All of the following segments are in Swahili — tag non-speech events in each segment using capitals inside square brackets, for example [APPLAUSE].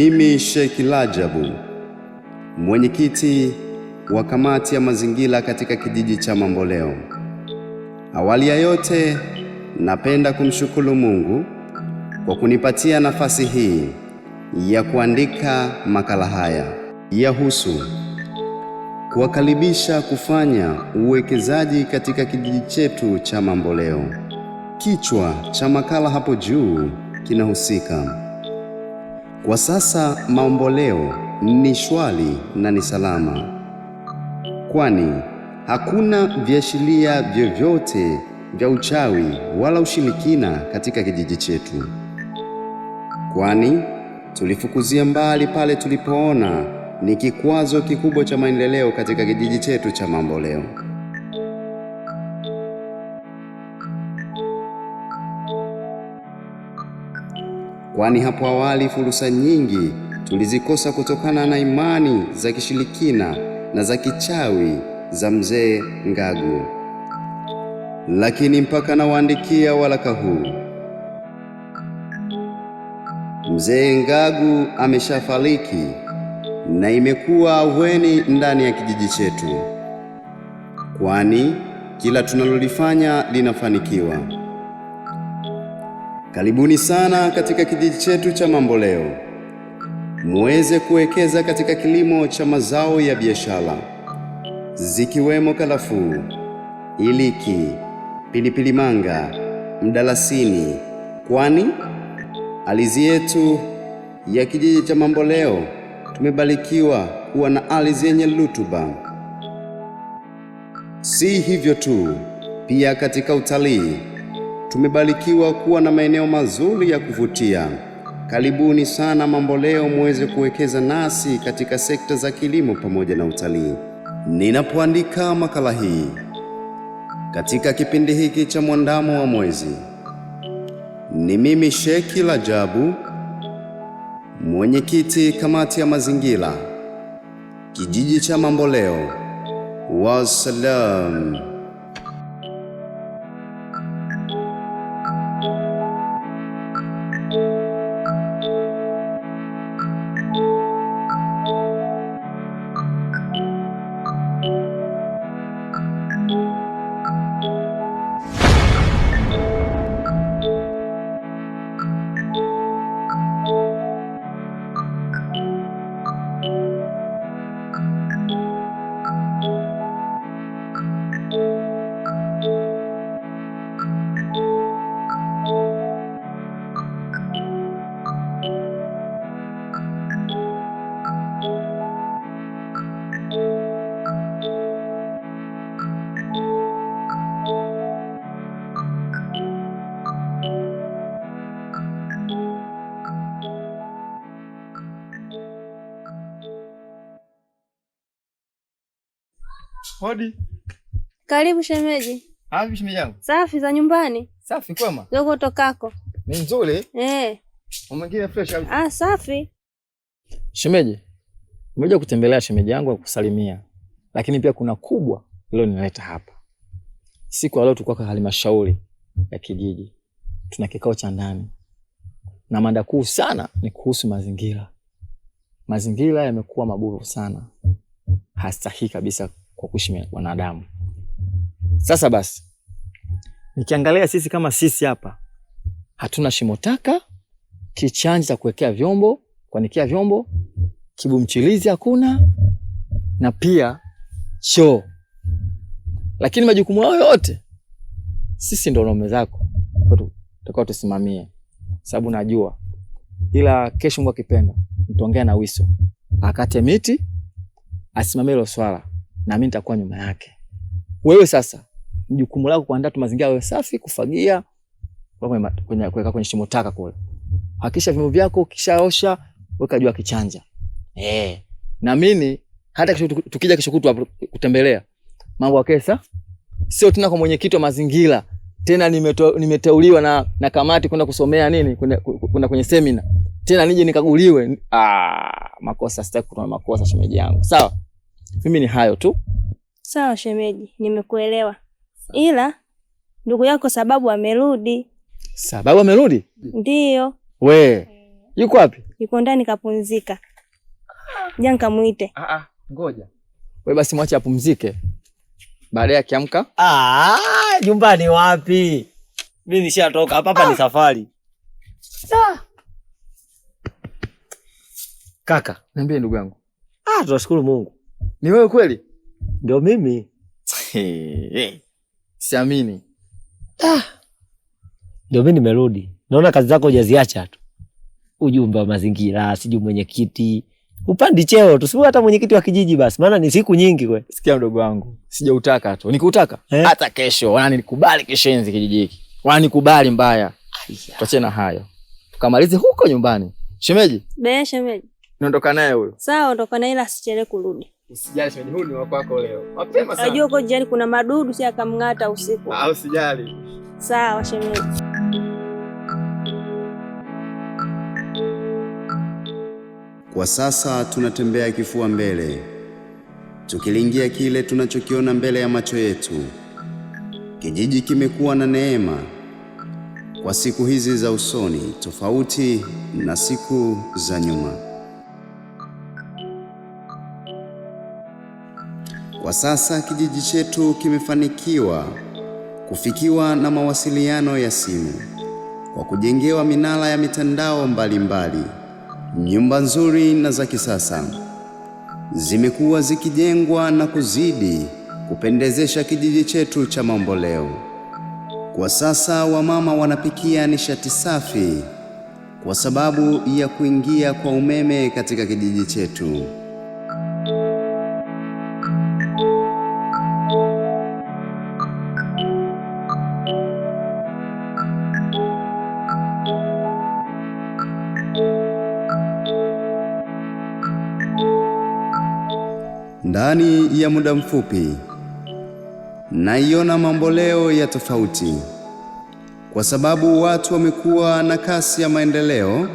Mimi Sheikh Rajabu, mwenyekiti wa kamati ya mazingira katika kijiji cha Mamboleo. Awali ya yote, napenda kumshukuru Mungu kwa kunipatia nafasi hii ya kuandika makala haya yahusu kuwakaribisha kufanya uwekezaji katika kijiji chetu cha Mamboleo. Kichwa cha makala hapo juu kinahusika kwa sasa maomboleo ni shwari na ni salama, kwani hakuna viashiria vyovyote vya uchawi wala ushirikina katika kijiji chetu, kwani tulifukuzia mbali pale tulipoona ni kikwazo kikubwa cha maendeleo katika kijiji chetu cha maomboleo kwani hapo awali fursa nyingi tulizikosa kutokana na imani za kishirikina na za kichawi za mzee Ngagu. Lakini mpaka nawaandikia waraka huu, mzee Ngagu ameshafariki na imekuwa ahueni ndani ya kijiji chetu, kwani kila tunalolifanya linafanikiwa. Karibuni sana katika kijiji chetu cha Mamboleo, muweze kuwekeza katika kilimo cha mazao ya biashara zikiwemo karafuu, iliki, pilipili manga, mdalasini, kwani ardhi yetu ya kijiji cha Mamboleo tumebarikiwa kuwa na ardhi yenye rutuba. Si hivyo tu, pia katika utalii Tumebarikiwa kuwa na maeneo mazuri ya kuvutia. Karibuni sana mamboleo muweze kuwekeza nasi katika sekta za kilimo pamoja na utalii. Ninapoandika makala hii katika kipindi hiki cha mwandamo wa mwezi, ni mimi Sheki Rajabu, mwenyekiti kamati ya mazingira kijiji cha Mamboleo. Wassalam. Hodi. Karibu shemeji. Ah, shemeji yangu? Safi za nyumbani. Safi kwema. Dogo tokako. Ni nzuri? Eh. Mwingine fresh Ah, safi. Shemeji. Nimekuja kutembelea shemeji yangu akusalimia. Lakini pia kuna kubwa leo nileta hapa. Siku leo tulikuwa kwa halmashauri ya kijiji. Tuna kikao cha ndani. Na mada kuu sana ni kuhusu mazingira. Mazingira yamekuwa mabovu sana, hastahi kabisa kwa kuishi wanadamu. Sasa basi, nikiangalia sisi kama sisi hapa hatuna shimo taka, kichanja cha kuwekea vyombo, kuanikia vyombo, kibumchilizi hakuna, na pia choo. Lakini majukumu hayo yote sisi ndo naume zako tutakao tusimamie, sababu najua, ila kesho Mungu akipenda, nitaongea na Wiso akate miti asimamie hilo swala na mimi nitakuwa nyuma yake. Wewe sasa jukumu lako kuandaa tu mazingira yawe safi, kufagia, kuweka kwenye shimo taka kule. Hakisha vyombo vyako kishaosha, weka jua kichanja. Eh, na mimi hata kisho, tukija kesho kutwa kutembelea mambo ya kesa, sio tena kwa mwenyekiti wa mazingira tena, nimeteuliwa na, na kamati kwenda kusomea nini, kwenda kwenye semina tena, nije nikaguliwe. Ah, makosa, sitaki kutoa makosa, shemeji yangu, sawa. So, mimi ni hayo tu. Sawa shemeji, nimekuelewa, ila ndugu yako Sababu amerudi. Sababu amerudi? ndio We yuko wapi? Yuko ndani kapumzika. Ja, nikamuite. Ah ah, ngoja we basi, mwache apumzike, baadaye akiamka. Ah, nyumbani wapi? Mimi nishatoka hapa hapa, ni safari. Ah. Kaka, niambie ndugu yangu. Ah, tunashukuru Mungu ni wewe kweli? Ndio mimi. Siamini. Ah. Ndio mimi nimerudi. Naona kazi zako hujaziacha tu. Ujumbe wa mazingira, sijui mwenyekiti, upandi cheo tu, sio hata mwenyekiti wa kijiji basi, maana ni siku nyingi kwe. Sikia mdogo wangu, sijautaka tu. Nikutaka eh? hata kesho kesho nikubali kishenzi kijiji hiki. nikubali mbaya. Tuache na hayo. Tukamalize huko nyumbani. Shemeji? Be, shemeji. Naondoka naye huyo. Sawa, ondoka naye ila asichelewe kurudi. Usijali shemeji, huu ni wa kwako leo. Mapema sana. Unajua njiani kuna madudu si akamng'ata usiku. Ah, usijali. Sawa shemeji. Kwa sasa tunatembea kifua mbele, tukilingia kile tunachokiona mbele ya macho yetu. Kijiji kimekuwa na neema kwa siku hizi za usoni, tofauti na siku za nyuma. Kwa sasa kijiji chetu kimefanikiwa kufikiwa na mawasiliano ya simu kwa kujengewa minara ya mitandao mbalimbali mbali. Nyumba nzuri na za kisasa zimekuwa zikijengwa na kuzidi kupendezesha kijiji chetu cha Mamboleo. Kwa sasa wamama wanapikia nishati safi kwa sababu ya kuingia kwa umeme katika kijiji chetu. ndani ya muda mfupi naiona mamboleo ya tofauti, kwa sababu watu wamekuwa na kasi ya maendeleo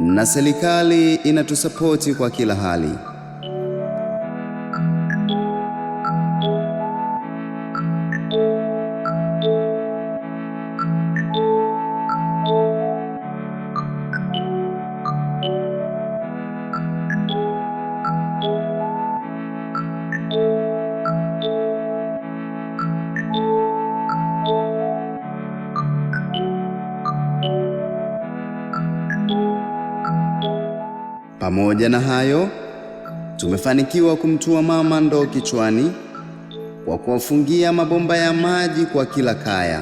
na serikali inatusapoti kwa kila hali. Pamoja na hayo, tumefanikiwa kumtua mama ndoo kichwani kwa kuwafungia mabomba ya maji kwa kila kaya.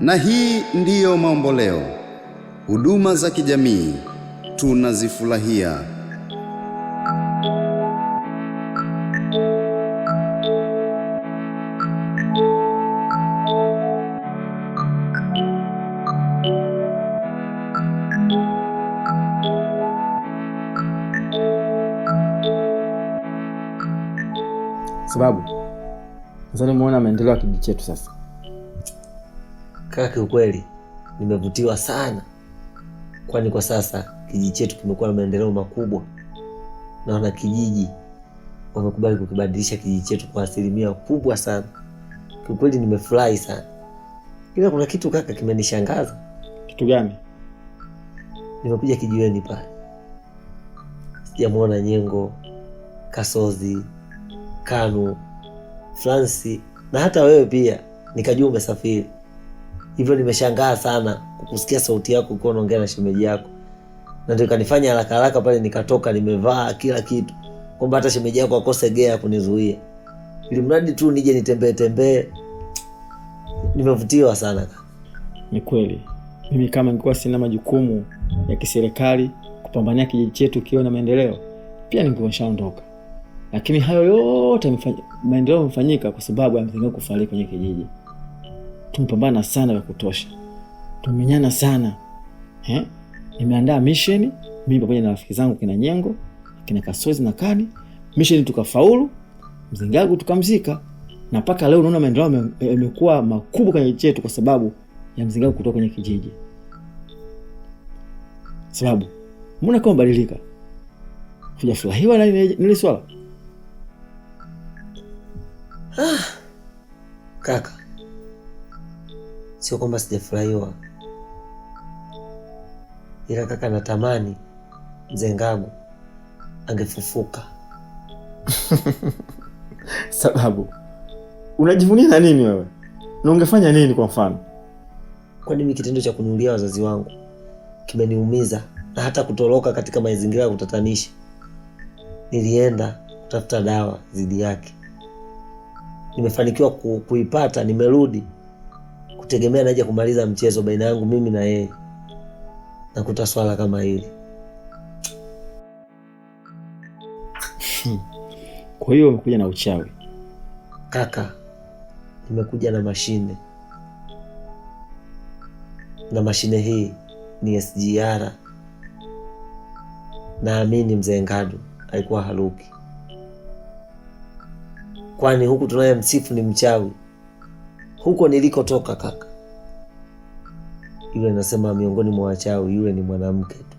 Na hii ndiyo maomboleo. Huduma za kijamii tunazifurahia. Sababu sasa nimeona maendeleo ya kijiji chetu sasa. Kaka, kiukweli nimevutiwa sana kwani kwa sasa kijiji chetu kimekuwa na maendeleo makubwa. Na wana kijiji wamekubali kukibadilisha kijiji chetu kwa asilimia kubwa sana. Kiukweli nimefurahi sana, ila kuna kitu kaka kimenishangaza. Kitu gani? Nimekuja kijiweni pale, sijamwona Nyengo, Kasozi, Kanu, Fransi na hata wewe pia, nikajua umesafiri hivyo nimeshangaa sana kusikia sauti yako ukiwa unaongea na shemeji yako, na ndio kanifanya haraka haraka pale nikatoka, nimevaa kila kitu, kwamba hata shemeji yako akose gea kunizuia, ili mradi tu nije nitembee tembee. Nimevutiwa sana. Ni kweli, mimi kama ningekuwa sina majukumu ya kiserikali kupambania kijiji chetu kiwe na maendeleo, pia ningeshaondoka. lakini hayo yote maendeleo yamefanyika kwa sababu ya kufariki kwenye kijiji tumepambana sana vya kutosha, tumenyana sana eh? Nimeandaa misheni mimi pamoja na rafiki zangu kina Nyengo kina Kasozi na Kani, misheni tukafaulu, Mzingagu tukamzika, na mpaka leo unaona maendeleo yamekuwa makubwa kwenye chetu kwa sababu ya Mzingagu kutoka kwenye kijiji. Sababu mbona kama badilika, hujafurahiwa na nili swala ah, kaka Sio kwamba sijafurahiwa, ila kaka, natamani mzee Ngagu angefufuka. [LAUGHS] Sababu unajivunia na nini wewe, na ungefanya nini? Kwa mfano, Kwani nini kitendo cha kunulia wazazi wangu kimeniumiza na hata kutoroka katika mazingira ya kutatanisha. Nilienda kutafuta dawa dhidi yake, nimefanikiwa kuipata, nimerudi kutegemea naje kumaliza mchezo baina yangu mimi na yeye, nakuta swala kama hili. Kwa hiyo umekuja na uchawi kaka? Nimekuja na mashine, na mashine hii ni SGR. Naamini mzee Ngadu alikuwa haruki, kwani huku tunaye msifu ni mchawi huko nilikotoka kaka. Yule nasema miongoni mwa wachawi yule ni mwanamke tu.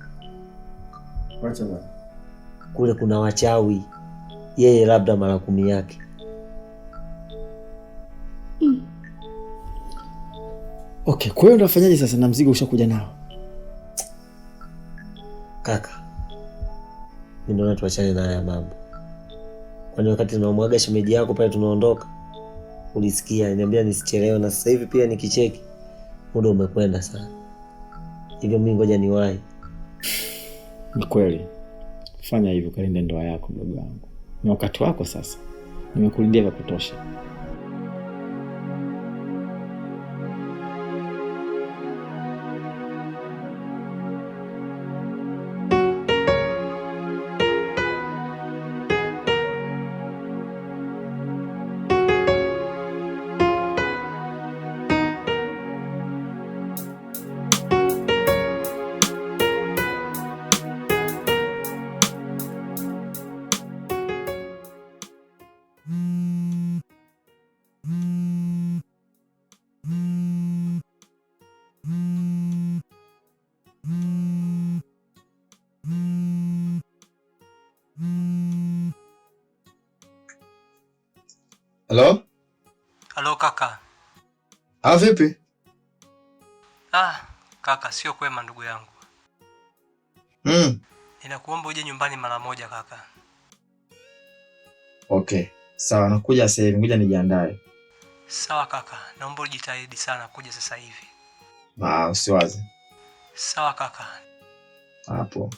Wacha bwana. Kule kuna wachawi, yeye labda mara kumi yake. Mm. Okay, kwa hiyo unafanyaje sasa na mzigo ushakuja nao? Kaka, Ndio, naona tuachane na haya mambo, kwani wakati tunamwaga shemeji yako pale tunaondoka ulisikia, niambia nisichelewe, na sasa hivi pia nikicheki muda umekwenda sana, hivyo mi ngoja niwahi. Ni kweli, fanya hivyo, kalinde ndoa yako, mdogo wangu, ni wakati wako sasa. Nimekulindia vya kutosha. Halo? Halo kaka. Ah, vipi? Ah, kaka sio kwema ndugu yangu. Mm. Ninakuomba uje nyumbani mara moja kaka. Okay, sawa nakuja sasa hivi, ngoja nijiandae. Sawa kaka, naomba ujitahidi sana kuja sasa hivi. Ah, usiwaze. Sawa kaka. Hapo.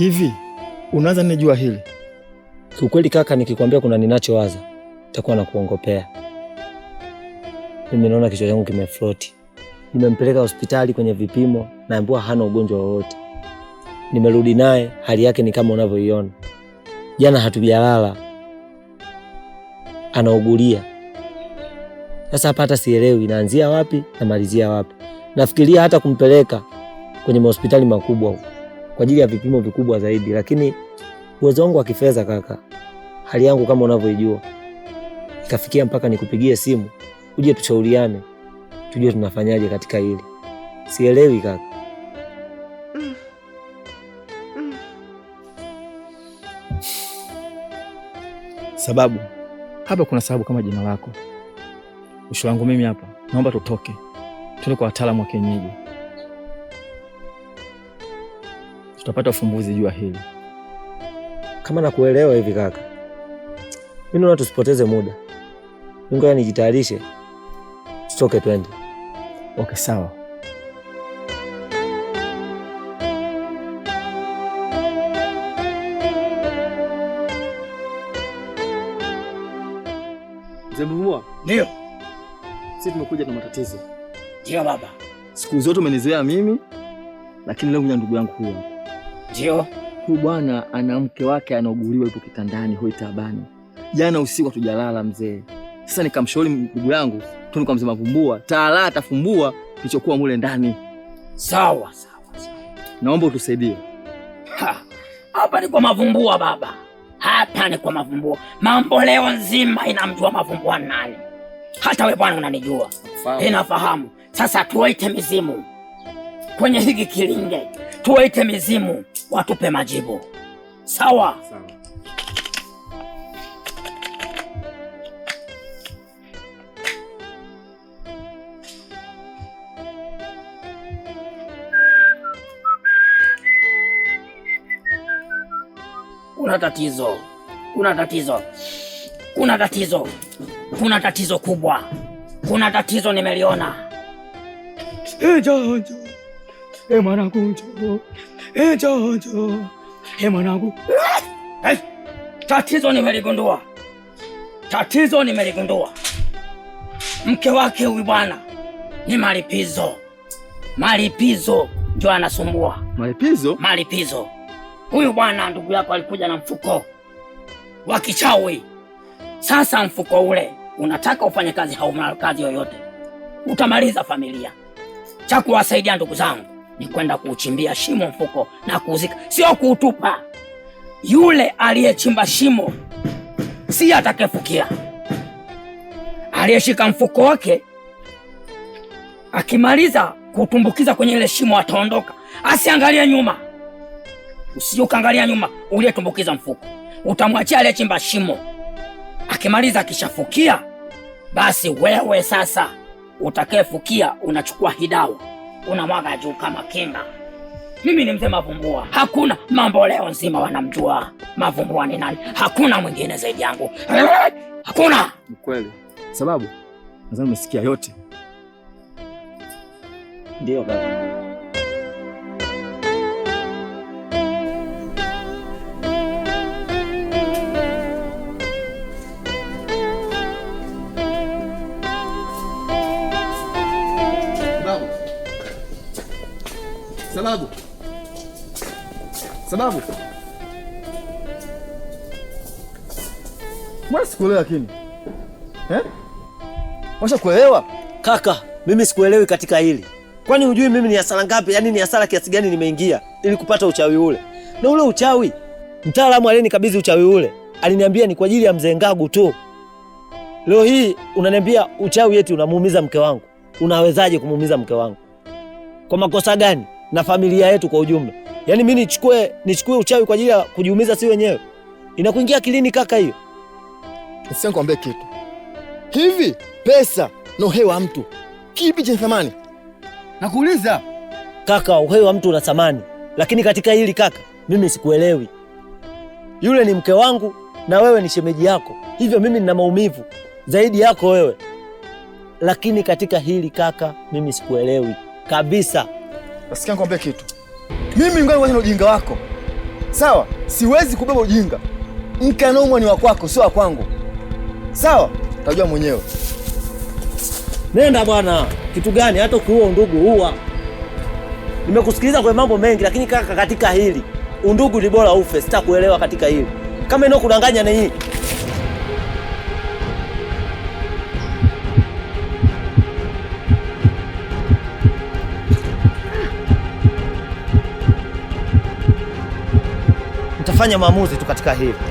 Hivi unaanza nijua hili? Kiukweli kaka, nikikwambia kuna ninachowaza takuwa na kuongopea. Mimi naona kichwa changu kimefloti. Nimempeleka hospitali kwenye vipimo, naambiwa hana ugonjwa wowote. Nimerudi naye hali yake ni kama unavyoiona. Jana hatujalala, anaugulia. Sasa hapa hata sielewi inaanzia wapi namalizia wapi. Nafikiria hata kumpeleka kwenye mahospitali makubwa huko kwa ajili ya vipimo vikubwa zaidi, lakini uwezo wangu wa kifedha kaka, hali yangu kama unavyojua ikafikia mpaka nikupigie simu uje tushauriane, tujue tunafanyaje katika hili. Sielewi kaka. Sababu hapa kuna sababu kama jina lako. Ushauri wangu mimi hapa, naomba tutoke tuende kwa wataalamu wa kienyeji tutapata ufumbuzi jua hili. Kama nakuelewa hivi kaka, mimi naona tusipoteze muda, ngoja nijitayarishe, tutoke twende. Okay, sawa. Mzee, ndio sisi tumekuja na matatizo. Ndio baba, siku zote umenizoea mimi, lakini leo kuja ndugu yangu huyo ndio. Huyu bwana ana mke wake anauguliwa, yupo kitandani, hoi taabani. Jana usiku hatujalala mzee. Sasa nikamshauri ndugu yangu tuni kwa mzee Mavumbua, taala atafumbua kilichokuwa mule ndani. Sawa sawa sawa, naomba utusaidie hapa. Ni kwa Mavumbua baba, hapa ni kwa Mavumbua. Mambo leo nzima inamjua Mavumbua nani, hata we bwana unanijua, inafahamu. Sasa tuwaite mizimu kwenye hiki kilinge, tuwaite mizimu watupe majibu. Sawa, Kuna tatizo, kuna tatizo, kuna tatizo, kuna tatizo kubwa, kuna tatizo nimeliona. Njoo njoo, mwanangu, njoo e, e, mwanangu eh, tatizo nimeligundua, tatizo nimeligundua. Mke wake huyu bwana ni malipizo, malipizo ndio anasumbua. Malipizo, malipizo. Huyu bwana ndugu yako alikuja na mfuko wa kichawi. Sasa mfuko ule unataka ufanye kazi, hauna kazi yoyote, utamaliza familia. Cha kuwasaidia ndugu zangu ni kwenda kuuchimbia shimo mfuko na kuuzika, sio kuutupa. Yule aliyechimba shimo si atakefukia Aliyeshika mfuko wake akimaliza kutumbukiza kwenye ile shimo ataondoka, asiangalie nyuma. Usije ukaangalia nyuma, uliyetumbukiza mfuko utamwachia aliyechimba shimo. Akimaliza akishafukia, basi wewe sasa utakayefukia unachukua hidawa unamwaga juu kama kinga. Mimi ni mzee Mavumbua, hakuna mambo leo nzima wanamjua Mavumbua ni nani, hakuna mwingine zaidi yangu, hakuna kweli. Sababu nadhani umesikia yote, ndio baba. Sababu sababu mbona sikuelewa lakini eh? Washa kuelewa kaka, mimi sikuelewi katika hili. Kwani hujui mimi ni hasara ngapi, yaani ni hasara kiasi gani nimeingia ili kupata uchawi ule? Na ule uchawi mtaalamu aliyenikabidhi uchawi ule aliniambia ni kwa ajili ya mzee Ngagu tu. Leo hii unaniambia uchawi eti unamuumiza mke wangu. Unawezaje kumuumiza mke wangu? Kwa makosa gani? na familia yetu kwa ujumla. Yaani mimi nichukue nichukue uchawi kwa ajili ya kujiumiza si wenyewe. Inakuingia akilini kaka hiyo? Nikwambie kitu hivi, pesa na uhai wa mtu kipi cha thamani? Nakuuliza kaka, uhai wa mtu una thamani, lakini katika hili kaka, mimi sikuelewi. Yule ni mke wangu na wewe ni shemeji yako, hivyo mimi nina maumivu zaidi yako wewe, lakini katika hili kaka, mimi sikuelewi kabisa. Nasikia nikwambie kitu, mimi ingali na ujinga wako sawa, siwezi kubeba ujinga. Mke anaumwa ni wa kwako, sio wa kwangu, sawa? Utajua mwenyewe. Nenda bwana, kitu gani? Hata ukiua undugu huwa. Nimekusikiliza kwa mambo mengi, lakini kaka, katika hili undugu ni bora ufe. Sitakuelewa katika hili, kama inakudanganya na hii tumefanya maamuzi tu katika hili.